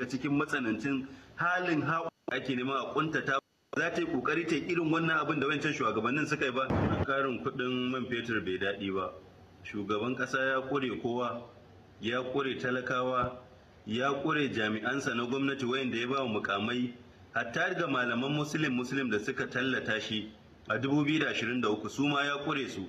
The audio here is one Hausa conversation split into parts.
shiga cikin matsanancin halin haƙo ake nema a kuntata za ta yi kokari ta irin wannan abin da wancan shugabannin suka yi ba karin kuɗin man fetur bai daɗi ba shugaban ƙasa ya ƙure kowa ya ƙure talakawa ya ƙure jami'ansa na gwamnati wayanda ya ba wa mukamai hatta ga malaman Musulmin musulmin da suka tallata shi a 2023 su ma ya ƙure su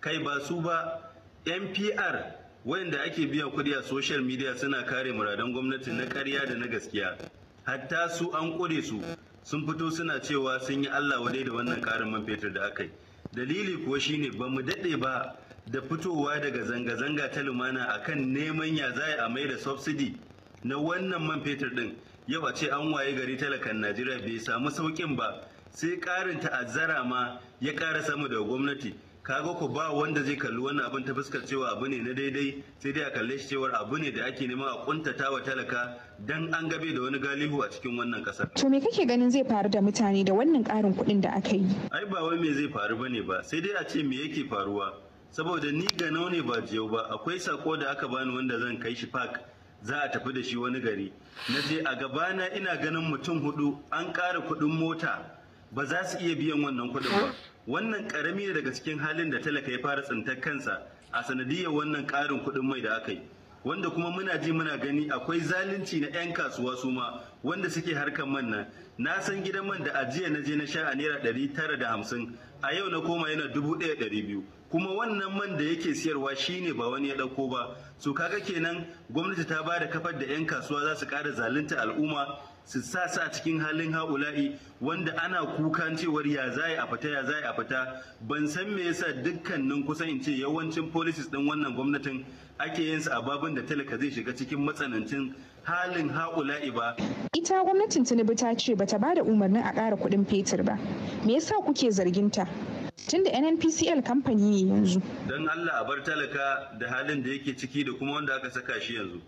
kai ba su ba npr wayanda ake biya kuɗi a social media suna kare muradan gwamnati na ƙarya da na gaskiya hatta su an kure su sun fito suna cewa sun yi Allah wadai da wannan ƙarin man fetur da aka yi dalili kuwa shine ba mu daɗe ba da fitowa daga zanga-zanga ta lumana akan neman ya za a mai da subsidy na wannan man fetur din. yau a ce an waye gari talakan najeriya bai samu sauƙin ba sai ƙarin ta'azzara ma ya ƙara samu daga gwamnati kaga ku ba wanda zai kalli wannan abin ta fuskar cewa abu ne na daidai sai dai a kalle shi cewar abu ne da ake nema a kuntata wa talaka dan an gabe da wani galihu a cikin wannan kasar. To me kake ganin zai faru da mutane da wannan karin kuɗin da aka yi? Ai ba wai me zai faru bane ba sai dai a ce me yake faruwa saboda ni ga ne ba jiyau ba akwai sako da aka bani wanda zan kai shi park za a tafi da shi wani gari na je a gabana ina ganin mutum hudu an ƙara kuɗin mota ba za su iya biyan wannan kuɗin ba. wannan karami ne daga cikin halin da talaka ya fara tsintar kansa a sanadiyar wannan karin kuɗin mai da aka yi wanda kuma muna ji muna gani akwai zalunci na 'yan kasuwa su ma wanda suke harkan man nan na san gidan man da ajiya na je na sha a naira ɗari tara da hamsin a yau na koma yana dubu ɗaya ɗari biyu kuma wannan man da yake siyarwa shine ba wani ya ɗauko ba su kaga kenan gwamnati ta ba da kafar da 'yan kasuwa za su ƙara zalunta al'umma su sa su a cikin halin haula'i wanda ana kukan cewar ya za a fita ya za a fita ban san me yasa dukkanin kusan in ce yawancin policies din wannan gwamnatin ake yin su a babin da talaka zai shiga cikin matsanancin halin haula'i ba ita gwamnatin tinubu ta ce bata ba da umarnin a ƙara kuɗin fetur ba me yasa kuke zargin zarginta tunda nnpcl kamfani ne yanzu don allah a bar talaka da halin da yake ciki da kuma wanda aka saka shi yanzu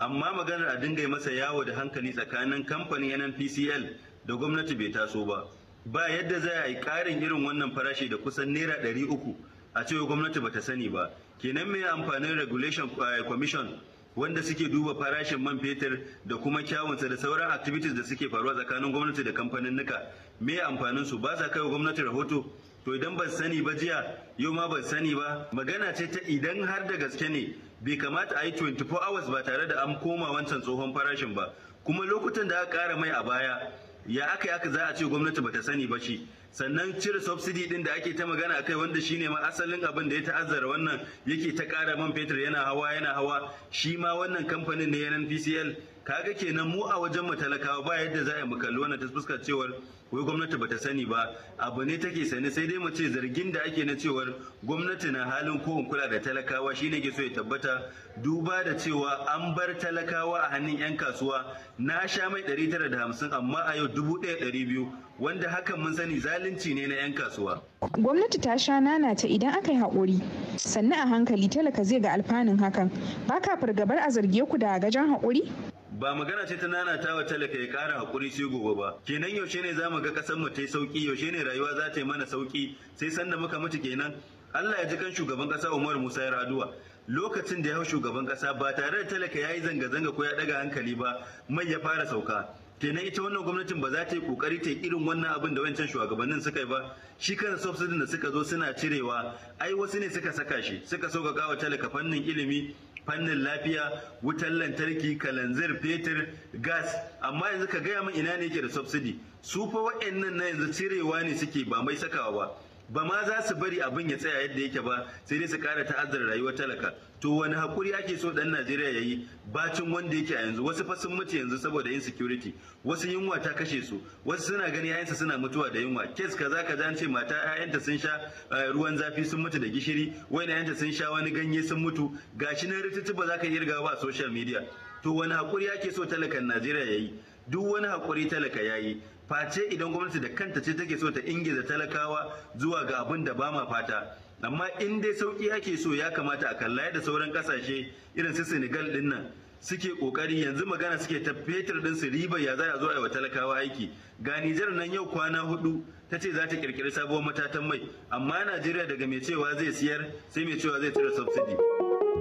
amma maganar a dinga yi masa yawo da hankali tsakanin kamfanin nnpcl da gwamnati bai taso ba ba yadda za a yi karin irin wannan farashi da kusan naira ɗari uku a cewa gwamnati bata sani ba kenan mai amfanin regulation eh, commission wanda suke duba farashin man fetur da kuma kyawunsa da sauran activities da suke faruwa tsakanin gwamnati da kamfanin nuka me amfanin su ba sa kai wa gwamnati rahoto to idan ban sani ba jiya yau ma ban sani ba magana ce ta idan har da gaske ne bai kamata a yi 24 hours ba tare da an koma wancan tsohon farashin ba kuma lokutan da aka kara mai a baya ya aka aka za a ce gwamnati bata sani ba shi sannan cire subsidy din da ake ta magana akai wanda shine ma asalin abin da ya ta'azzara wannan yake ta kara man fetur yana hawa yana hawa shi ma wannan kamfanin ne na NPCL kaga kenan mu a wajen talakawa ba yadda za a yi mu kalli wannan ta fuskar cewar wai gwamnati bata sani ba abu ne take sani sai dai mace zargin da ake na cewar gwamnati na halin ko kula da talakawa shine ke so ya tabbata duba da cewa an bar talakawa a hannun yan kasuwa na sha mai da hamsin amma a yau dubu ɗaya biyu wanda hakan mun sani zalunci ne na yan kasuwa gwamnati ta sha nana ta idan aka yi haƙuri sannan a hankali talaka zai ga alfanun hakan ba ka fargabar a zarge ku da gajen haƙuri ba magana ce ta nanata wa talaka ya kara hakuri sai gobe ba kenan yaushe ne zamu ga kasar mu ta yi sauki yaushe ne rayuwa za ta yi mana sauki sai sanda muka mutu kenan Allah ya ji kan shugaban kasa Umar Musa ya raduwa lokacin da ya hau shugaban kasa ba tare da talaka ya yi zanga-zanga ko ya daga hankali ba mai ya fara sauka kenan ita wannan gwamnatin ba za ta yi kokari ta yi irin wannan abin da wancan shugabannin suka yi ba shi kan subsidin da suka zo suna cirewa ai wasu ne suka saka shi suka sauƙaƙa wa talaka fannin ilimi fannin lafiya wutar lantarki kalanzir fetur gas amma yanzu ka gaya min ina ne yake da subsidy su fa wa'annan na yanzu cirewa ne suke ba mai sakawa ba ba ma za su bari abin ya tsaya yadda yake ba sai dai su kara ta'azzara rayuwar talaka to wani hakuri ake so dan Najeriya ya yayi bacin wanda yake a yanzu wasu fa sun mutu yanzu saboda insecurity wasu yunwa ta kashe su wasu suna gani yayansa suna mutuwa da yunwa kes kaza kaza an ce mata yayanta sun sha eh, ruwan zafi sun mutu da gishiri wani yayanta sun sha wani ganye sun mutu gashi nan ritutu ba za ka yi ba social media to wani hakuri ake so talakan Najeriya yayi duk wani hakuri talaka yayi face idan gwamnati da kanta ce take so ta ingiza talakawa zuwa ga abin da ba ma fata amma in dai sauki ake so ya kamata a kalla da sauran kasashe irin su Senegal din nan suke kokari yanzu magana suke ta fetur din su riba ya za a zo a wa talakawa aiki ga Nijar nan yau kwana hudu ta ce za ta kirkiri sabuwar matatan mai amma Najeriya daga mai cewa zai siyar sai mai cewa zai cire subsidy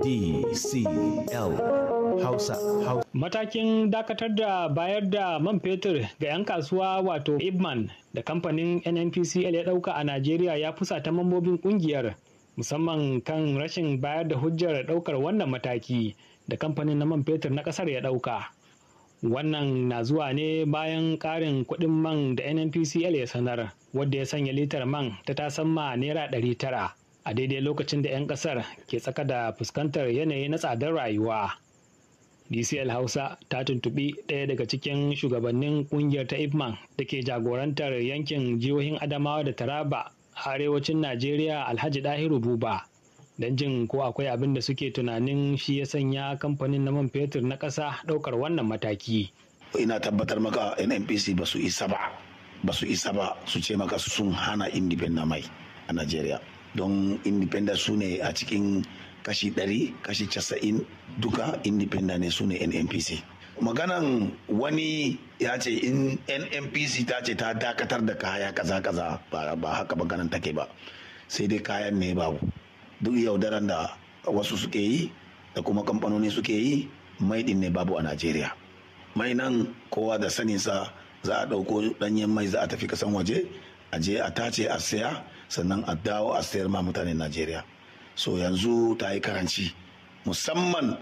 DCL Hausa. Matakin dakatar da bayar da man fetur ga 'yan kasuwa wato Ibman da kamfanin NNPCL ya ɗauka a Najeriya ya fusata mambobin ƙungiyar musamman kan rashin bayar da hujjar ɗaukar wannan mataki da kamfanin na man fetur na ƙasar ya ɗauka. Wannan na zuwa ne bayan karin kuɗin man da NNPCL ya sanar wadda ya sanya litar man ta tasamma naira ɗari tara. a daidai lokacin da 'yan ƙasar ke tsaka da fuskantar yanayi na tsadar rayuwa. DCL Hausa ta tuntubi ɗaya daga cikin shugabannin ƙungiyar ta ipman da ke jagorantar yankin jihohin Adamawa da Taraba a arewacin Najeriya Alhaji Dahiru Buba. Don jin ko akwai abin da suke tunanin shi ya sanya kamfanin na man fetur na ƙasa ɗaukar wannan mataki. Ina tabbatar maka NNPC ba su isa ba, ba su isa ba su ce maka sun hana independent mai a Najeriya. Don independent su ne a cikin kashi 100 kashi casa'in duka independent ne su ne nnpc maganan wani ya ce in nnpc ta ce ta dakatar da kaya kaza kaza ba haka maganan take ba sai dai kayan ne babu duk yaudaran da wasu suke yi da kuma kamfanoni suke yi mai din ne babu a najeriya mai nan kowa da saninsa za a ɗauko ɗanyen mai za a tafi kasan waje a je a tace a saya sannan a dawo a sayar ma mutanen najeriya so yanzu ta yi karanci musamman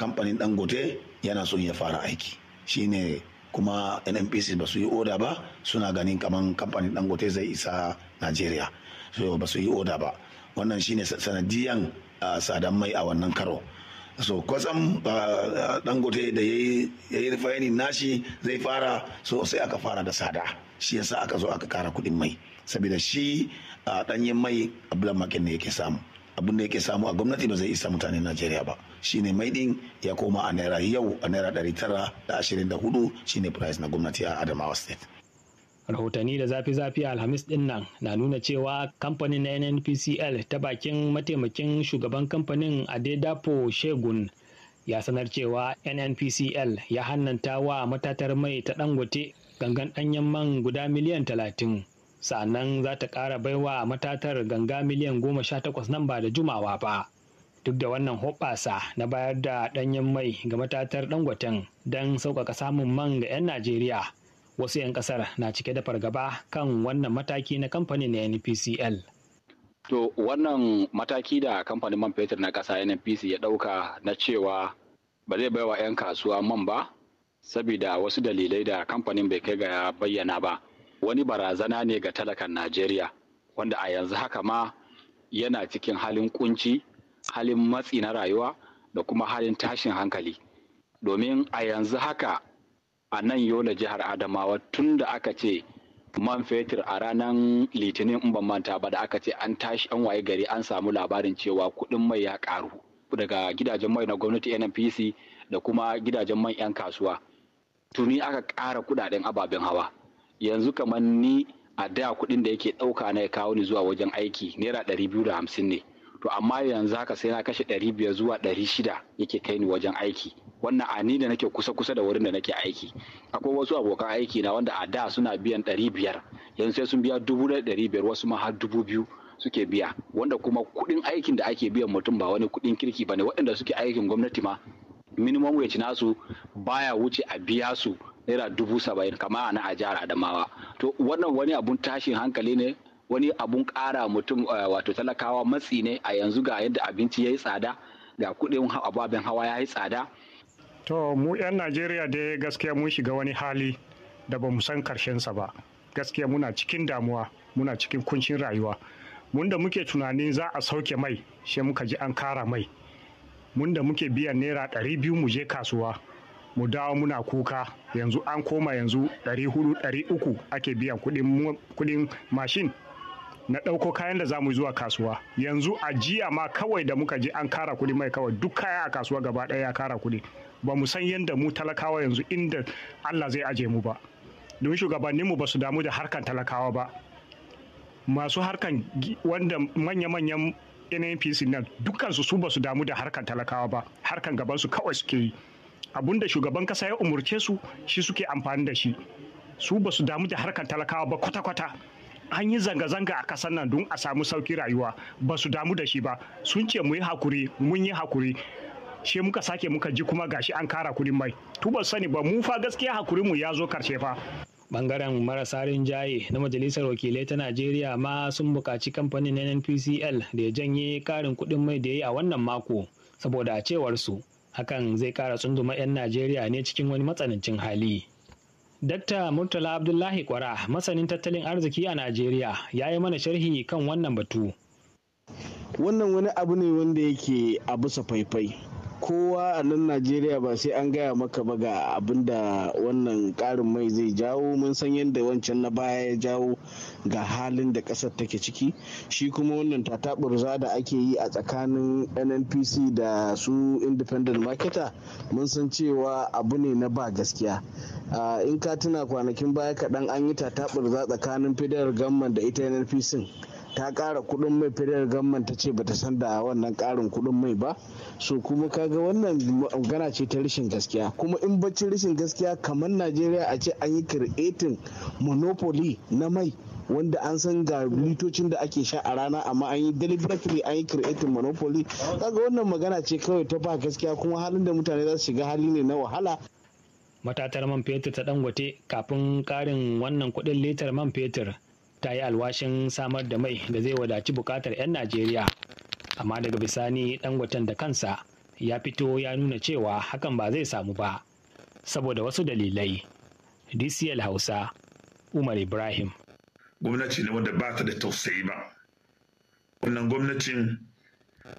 kamfanin dangote yana son ya fara aiki shine kuma nnpc ba su yi oda ba suna ganin kaman kamfanin dangote zai isa najeriya so ba su yi oda ba wannan shine sanadiyan sadan mai a wannan karo so kwatsam gote da ya yi rifayini nashi zai fara so sai aka fara da sada shi yasa aka zo aka kara kudin mai saboda shi danyen mai makin ne yake samu abin da yake samu a gwamnati ba zai isa mutanen najeriya ba shine mai din ya koma a naira yau a naira ɗari tara da ashirin da hudu shine price na gwamnati a adamawa state rahotanni da zafi-zafi alhamis din nan na nuna cewa kamfanin na nnpcl ta bakin mataimakin shugaban kamfanin adedapo shegun ya sanar cewa nnpcl ya hannanta wa matatar mai ta dangote gangan danyen man guda miliyan talatin sannan za ta ƙara baiwa matatar ganga miliyan goma sha takwas nan ba da jumawa ba duk da wannan hoɓɓasa na bayar da ɗanyen mai ga matatar dangoten don sauƙaƙa samun man ga 'yan najeriya wasu 'yan ƙasar na cike da fargaba kan wannan mataki na kamfanin na npcl to wannan mataki da kamfanin man fetur na ƙasa npc ya ɗauka na cewa ba zai baiwa 'yan kasuwa man ba sabida wasu dalilai da kamfanin bai kai ga bayyana ba wani barazana ne ga talakan Najeriya wanda a yanzu haka ma yana cikin halin kunci, halin matsi na rayuwa da kuma halin tashin hankali. Domin a yanzu haka a nan yola jihar Adamawa tun da aka ce man fetur a ranar litinin in ban manta ba da aka ce an tashi an waye gari an samu labarin cewa kuɗin mai ya ƙaru daga gidajen mai na gwamnati NNPC da kuma gidajen man 'yan kasuwa. Tuni aka ƙara kuɗaɗen ababen hawa. yanzu kamar ni a da kuɗin da yake ɗauka na ya kawo ni zuwa wajen aiki naira ɗari biyu da hamsin ne to amma yanzu haka sai na kashe ɗari biyar zuwa ɗari shida yake kai ni wajen aiki wannan a ni da nake kusa kusa da wurin da nake aiki akwai wasu abokan aiki na wanda a da suna biyan ɗari biyar yanzu sai sun biya dubu ɗari biyar wasu ma har dubu biyu suke biya wanda kuma kuɗin aikin da ake biyan mutum ba wani kuɗin kirki ba ne waɗanda suke aikin gwamnati ma minimum wage nasu baya wuce a biya su naira dubu saba'in kama a a jihar adamawa to wannan wani abun tashin hankali ne wani abun kara mutum eh, wato talakawa matsi ne a yanzu ga yadda abinci ya yi tsada ga kuɗin ababen hawa ya yi tsada to mu 'yan najeriya da gaskiya mun shiga wani hali da ba mu san sa ba gaskiya muna cikin damuwa muna cikin kuncin rayuwa mun da muke tunanin za a sauke mai sai muka ji an kara mai mun da muke biyan naira ɗari biyu mu je kasuwa mu dawo muna kuka yanzu an koma yanzu 400-300 ake biyan kudin mashin na ɗauko kayan da za mu zuwa kasuwa yanzu a jiya ma kawai da muka je an kara kuɗi mai kawai duk kaya a kasuwa gaba ɗaya ya kara kuɗi ba mu san yadda mu talakawa yanzu inda allah zai aje mu ba don shugabanninmu ba su damu da harkan talakawa ba masu harkan wanda manya-manyan nnpc nan dukansu su ba su damu da harkan talakawa ba harkan gabansu kawai suke yi abun da shugaban kasa ya umurce su shi suke amfani da shi su ba su damu da harkar talakawa ba kwata-kwata an yi zanga-zanga a kasar nan don a samu sauki rayuwa ba su damu da shi ba sun ce mu yi hakuri mun yi hakuri she muka sake muka ji kuma gashi an kara kudin mai tu ba sani ba mu fa gaskiya hakurin mu ya zo karshe fa bangaren marasa rinjaye na majalisar wakilai ta najeriya ma sun bukaci kamfanin nnpcl da ya janye karin kuɗin mai da ya yi a wannan mako saboda a cewar su hakan zai ƙara tsunduma 'yan najeriya ne cikin wani matsanancin hali Dr. Murtala Abdullahi Kwara masanin tattalin arziki a Najeriya ya yi mana sharhi kan wannan batu. Wannan wani abu ne wanda yake a bisa faifai. kowa a nan najeriya ba sai an gaya maka ba ga abin da wannan karin mai zai jawo mun san yadda wancan na baya ya jawo ga halin da kasar take ciki shi kuma wannan tatabirza da ake yi a tsakanin nnpc da su independent marketer mun san cewa abu ne na ba gaskiya in ka tuna kwanakin baya kaɗan an yi tatabirza tsakanin federal government da ita nnpc ta ƙara kuɗin mai federal government ta ce bata san da wannan ƙarin kuɗin mai ba so kuma kaga wannan magana ce ta rashin gaskiya kuma in bacci rashin gaskiya kamar najeriya a ce an yi creating monopoly na mai wanda an san ga litocin da ake sha a rana amma an yi deliberately an yi creating monopoly kaga wannan magana ce kawai ta ba gaskiya kuma halin da mutane za su shiga hali ne na wahala matatar man fetur ta dangote kafin karin wannan kuɗin litar man fetur ta yi alwashin samar da mai da zai wadaci buƙatar 'yan najeriya amma daga bisani dangoten da kansa ya fito ya nuna cewa hakan ba zai samu ba saboda wasu dalilai dcl hausa umar ibrahim gwamnati ne wanda ba ta da tausayi ba wannan gwamnatin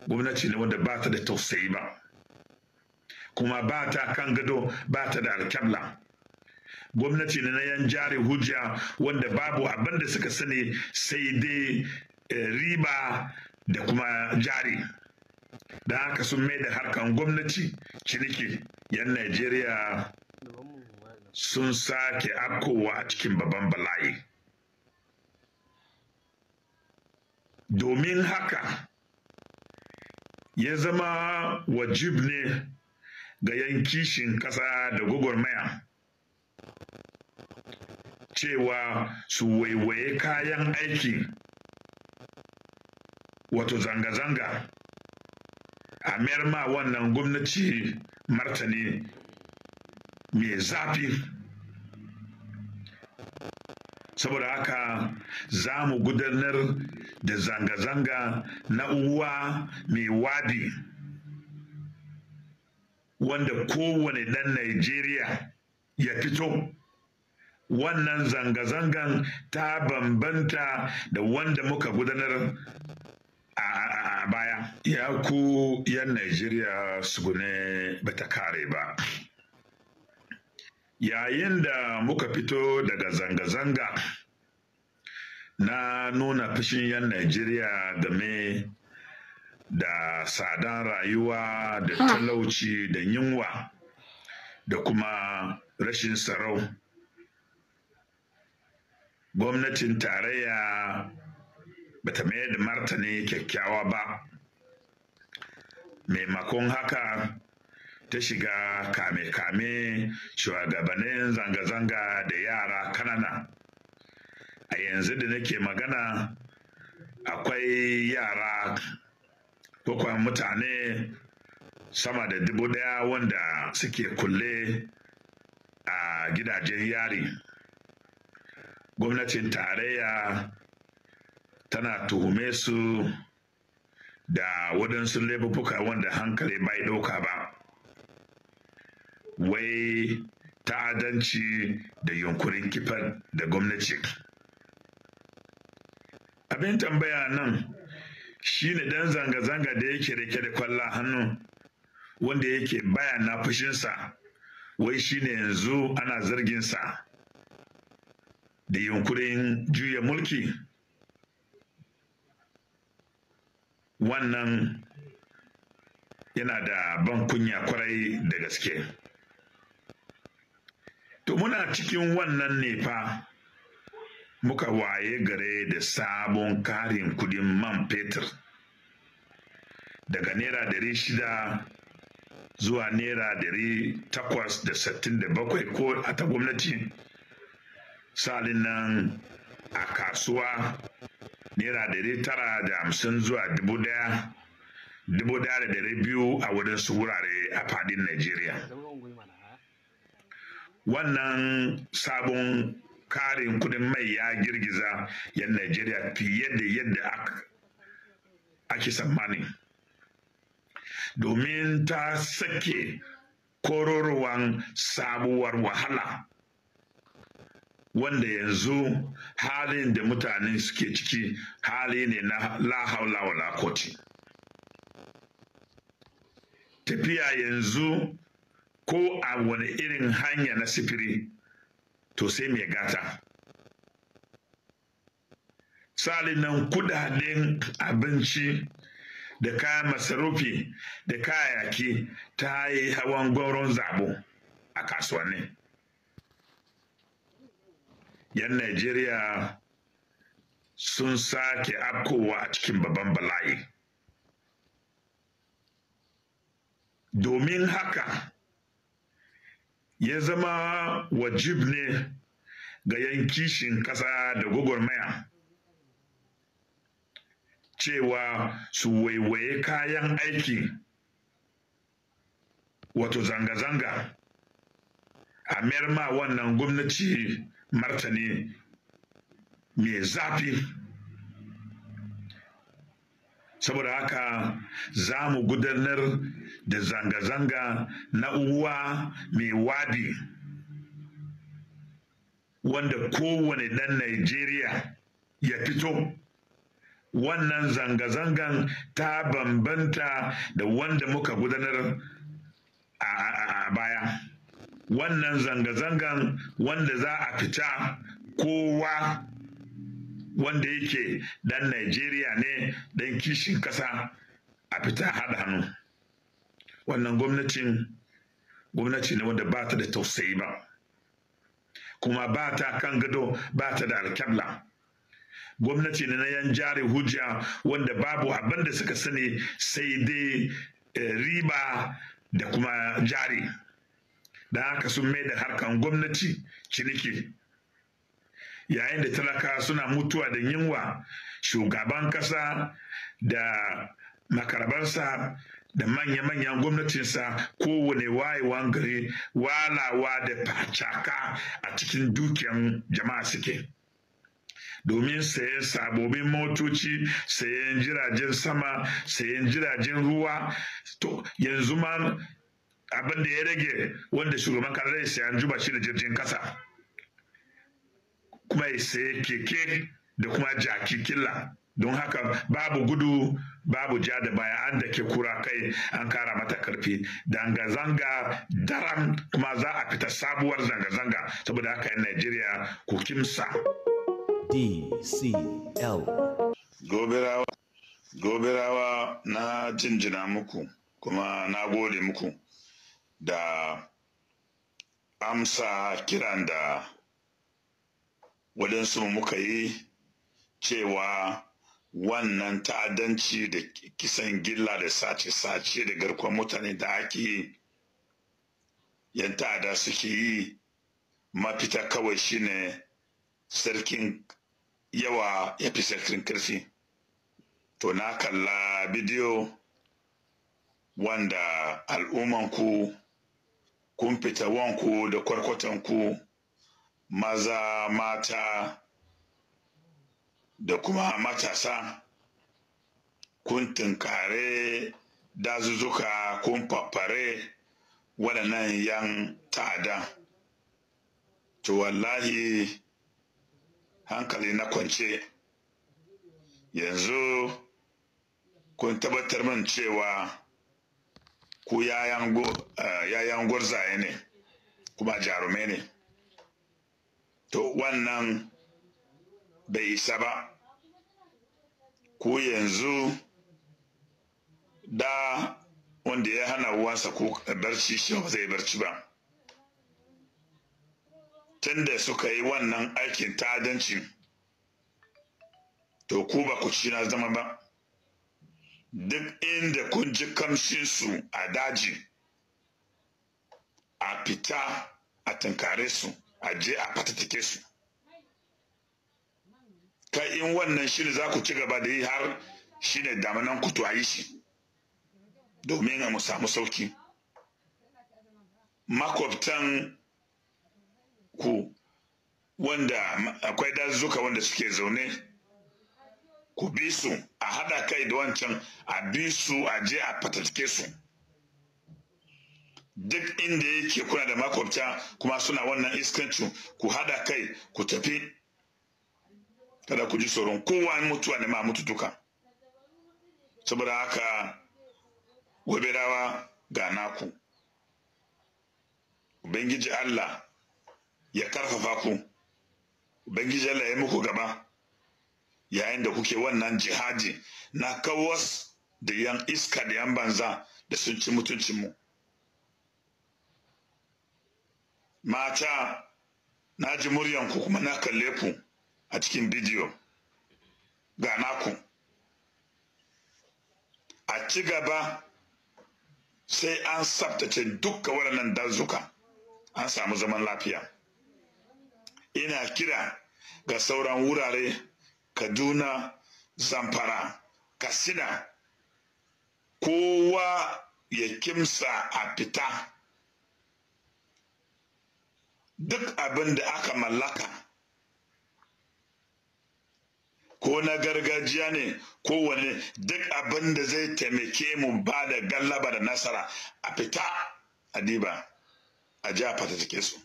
gwamnati ne wanda ba ta da tausayi ba kuma ba ta kan gado ba ta da alkyabla gwamnati na yan jari hujja wanda babu abin da suka sani sai dai eh, riba da kuma jari da haka sun mai da harkan gwamnati ciniki yan najeriya sun sake afkowa a cikin babban bala'i domin haka ya zama wajib ne ga yankishin ƙasa da gwagwarmaya cewa su waiwaye kayan aiki wato zanga-zanga a ma wannan gwamnati martani mai zafi saboda haka za mu gudanar da zanga-zanga na uwa mai wadi wanda kowane ɗan Najeriya ya fito wannan zanga-zangan ta bambanta da wanda muka gudanar a baya. Ya ku 'yan Najeriya su sugune bata kare ba. Yayin da muka fito daga zanga-zanga na nuna fushin 'yan Najeriya game da sadan rayuwa da ah. talauci da yunwa da kuma rashin sarau. gwamnatin tarayya bata mayar da martani kyakkyawa ba maimakon haka ta shiga kame-kame shugabannin zanga-zanga da yara kanana a yanzu da nake magana akwai yara kwakwan mutane sama da dubu daya wanda suke kulle a gidajen yari gwamnatin tarayya tana tuhume su da waɗansu laifuka wanda hankali bai ɗauka ba wai ta'adanci da yunkurin kifar da gwamnati abin tambaya nan shine dan zanga-zanga da yake rike da kwallon hannu wanda yake na fushinsa wai shine yanzu ana zarginsa da yunkurin juya mulki wannan yana da ban kunya kwarai da gaske to muna cikin wannan ne fa muka waye gare da sabon karin kudin man fetur daga naira dari shida zuwa naira dari takwas da sittin da bakwai ko a ta gwamnati salin nan a kasuwa naira dari tara da hamsin zuwa dubu daya dubu daya da dari biyu a wurin su wurare a fadin najeriya wannan sabon karin kudin mai ya girgiza yan najeriya fiye da yadda ake tsammani domin ta sake kororowan sabuwar wahala wanda yanzu halin da mutane suke ciki hali ne na lahaula wa wala tafiya yanzu ko a wani irin hanya na sifiri to sai mai gata salinan kudaden abinci da kayan masarufi da kayayyaki ta yi hawan gwauron zabo a kasuwannin 'yan Najeriya sun sake afkowa a cikin babban bala'i. Domin haka ya zama wajib ne ga yankishin ƙasa da gwagwarmaya cewa su waiwaye kayan aiki wato zanga-zanga a ma wannan gwamnati martani mai zafi saboda haka za mu gudanar da zanga-zanga na uwa mai wadi wanda kowane ɗan Najeriya ya fito wannan zanga-zangan ta bambanta da wanda muka gudanar a baya. wannan zanga-zangan wanda za a fita kowa wanda yake dan Najeriya ne dan kishin ƙasa a fita haɗa hannu. Wannan gwamnatin gwamnati ne wanda ba ta da tausayi ba, kuma ba ta kan gado ba ta da alkyabla. Gwamnati ne na yan jari hujja wanda babu abin da suka sani sai dai eh, riba da kuma jari. da aka sun mai da harkan gwamnati ciniki yayin da talaka suna mutuwa da yunwa shugaban kasa da makarabansa da manya-manyan gwamnatinsa kowane wayewan gari walawa da facaka a cikin dukiyan jama'a suke domin sayen sabobin motoci sayen jiragen sama sayan jiragen ruwa to yanzu ma abin da ya rage wanda shugaban kasa zai sayan juba shi da jirgin kasa kuma ya sayi keke da kuma jaki killa don haka babu gudu babu ja da baya an da ke kura kai an kara mata karfi zanga-zanga daram kuma za a fita sabuwar zanga-zanga saboda haka yan Najeriya ku kimsa. DCL Goberawa, goberawa na jinjina muku kuma na gode muku. da amsa kiran da waɗansu muka yi cewa wannan ta'addanci da kisan gilla da sace-sace da garkuwar mutane da ake yi yan ta'ada suke yi mafita kawai shine sarkin yawa ya fi sarkin karfi to na kalla bidiyo wanda ku kun fita wanku da kwarkwatanku maza mata da kuma matasa kun tunkare dazuzzuka kun faffare waɗannan yan ta'ada to wallahi hankali na kwance yanzu kun tabbatar min cewa ku yayan eh, gwarzaye ne kuma jarume ne to wannan bai isa ba ku yanzu da wanda ya hana uwansa ko eh, barci shi ba zai barci ba tun da suka yi wannan aikin ta'adancin to ku ba ku ci na zama ba duk inda kun ji kamshinsu a daji a fita a tunkare su a je a fatattake su kai in wannan shi ne za ku ci gaba da yi har shi ne damanan kutu a shi domin mu samu sauki makwabtan ku wanda akwai dazuka wanda suke zaune ku bi su a haɗa kai da wancan a bi su a je a fatattake su duk inda yake kuna da makwabta kuma suna wannan iskancin ku haɗa kai ku tafi kada ku ji tsoron kowa mutuwa ne ma mutu duka saboda haka waberawa ga naku ubangiji allah ya karfafa ku ubangiji allah ya muku gaba yayin da kuke wannan jihadi na kawas da yan iska da yan banza da sun ci mutuncinmu mata na ji muryanku kuma na kalle ku a cikin bidiyo ga naku a ci gaba sai an tsaftace dukka waɗannan dazuka an samu zaman lafiya ina kira ga sauran wurare kaduna zamfara katsina kowa ya kimsa a fita duk abin da aka mallaka ko na gargajiya ne kowane duk abin da zai taimake mu ba da gallaba da nasara a fita a diba a ji a su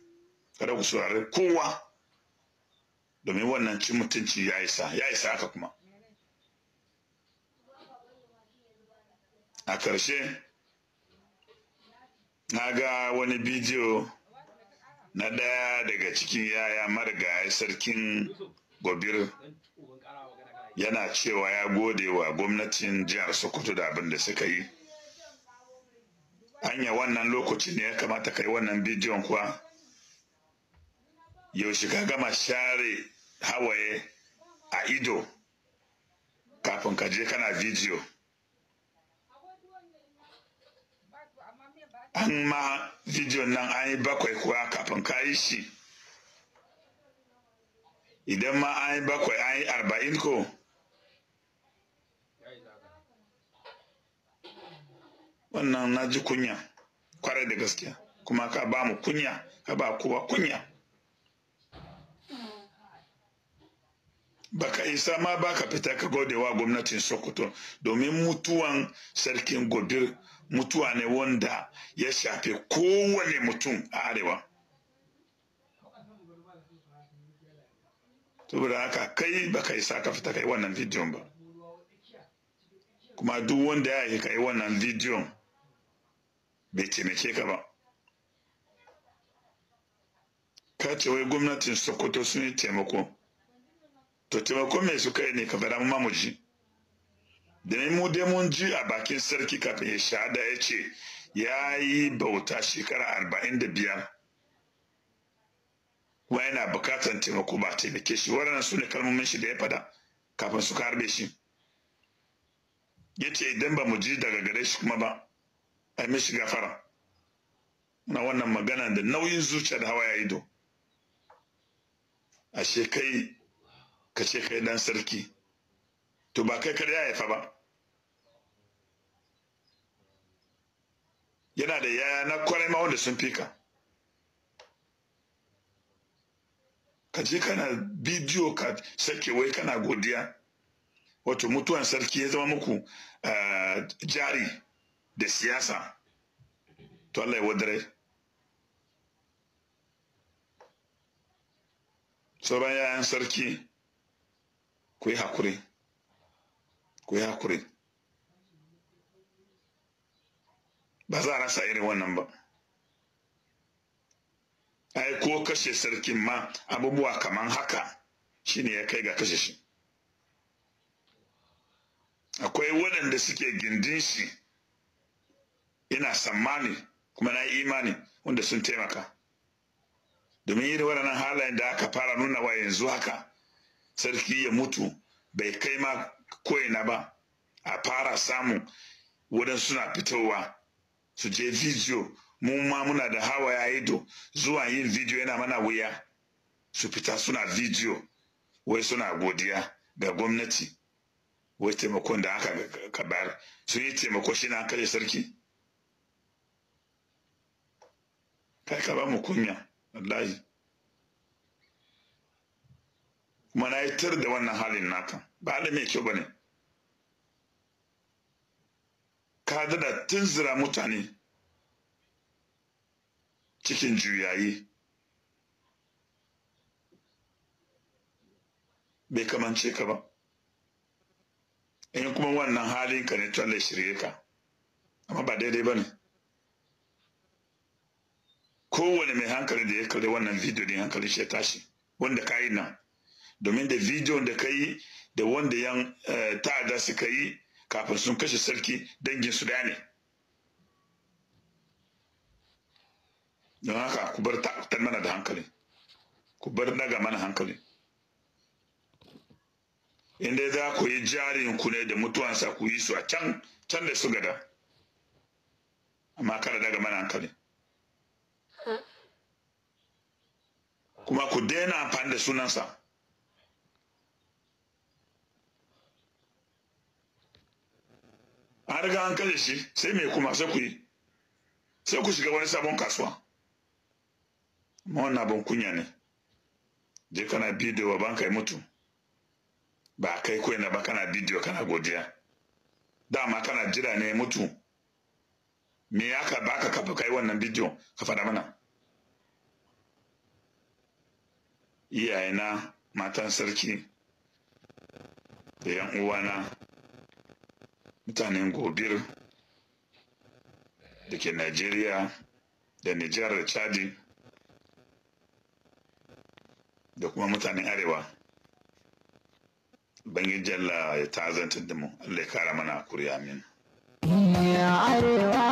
kada ku saurari kowa domin wannan cin mutunci ya isa ya isa aka kuma a ƙarshe na ga wani bidiyo na ɗaya daga cikin yaya marigayi sarkin gobir yana cewa ya gode wa gwamnatin jihar sokoto da abin da suka yi anya wannan lokacin ne ya kamata kai wannan bidiyon kuwa yaushe ka gama share hawaye a ido kafin ka je kana bidiyo an ma bidiyon nan an yi bakwai kuwa kafin ka yi shi idan ma an yi bakwai an yi arba'in ko wannan na ji kunya kwarai da gaskiya kuma ka ba mu kunya ka ba kowa kunya baka isa ma baka fita ka gode wa gwamnatin Sokoto domin mutuwan sarkin Gobir mutuwa ne wanda ya shafe kowane mutum a arewa saboda haka kai baka isa ka fita kai wannan bidiyon ba kuma duk wanda ya yi kai wannan bidiyon bai taimake ka ba ka ce wai gwamnatin Sokoto sun yi taimako to taimakon mai su kai ne ka bada mu da ji mu dai mun ji a bakin sarki kafin ya shahada ya ce ya yi bauta shekara arba'in da biyar Wa yana bukatar taimako ba taimake shi waɗannan su ne kalmomin shi da ya fada kafin suka harbe shi ya ce idan ba mu ji daga gare shi kuma ba a yi mishi gafara na wannan magana da nauyin zuciya da hawa ya yi do. A shekai. ka ce kai dan sarki to ba kai kar ya haifa ba yana da yaya na kwarai ma wanda sun fi ka ka je kana bidiyo ka sake wai kana godiya wato mutuwan sarki ya zama muku eh, jari da siyasa to Allah ya wadare sauran yayan sarki ku yi hakuri ku yi hakuri ba za a rasa irin wannan ba ai ko kashe sarkin ma abubuwa kaman haka shine ya kai ga kashe shi akwai waɗanda suke gindin shi ina tsammani kuma na imani wanda sun taimaka domin irin waɗannan halayen da aka fara nuna wa yanzu haka sarki ya mutu bai kai ma ko'ina ba a fara samu waɗansu suna fitowa su je video mu ma muna da hawa ido zuwa yin video yana mana wuya su fita suna video wai suna godiya ga gwamnati wai taimakon da aka kabar su yi taimako shi na kare sarki kai ka ba mu kunya wallahi manaitar da wannan halin naka ba da mai kyau ba ne ka dada tunzura mutane cikin juyayi bai kamance ka ba in kuma wannan halin ka ne tun da shirye ka amma ba daidai ba ne kowane mai hankali da ya kalli wannan vidiyo din hankali shi ya tashi wanda ka yi nan domin da bidiyon da ka yi da wanda yan eh, ta'ada suka yi kafin sun kashe sarki dangin su ne don haka ku bar mana da hankali ku bar daga mana hankali inda za ku yi jarin ku ne da mutuwansa ku yi su a can can da su gada amma kada daga mana hankali kuma ku daina amfani da sunansa an riga an kashe shi sai mai kuma sai ku yi sai ku shiga wani sabon kasuwa amma wannan abin kunya ne je kana bidiyo banka kai mutu ba kai ko na ba kana bidiyo kana godiya dama kana jira ne mutu me ya ka baka ka kai wannan bidiyo ka faɗa mana iyayena matan sarki da yan uwana mutanen gobir da ke Najeriya da Nijar da Chadi da kuma mutanen Arewa. Bangin Jalla ya ta'azantar da mu, Allah ya kara mana kuri ya Arewa,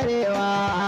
Arewa.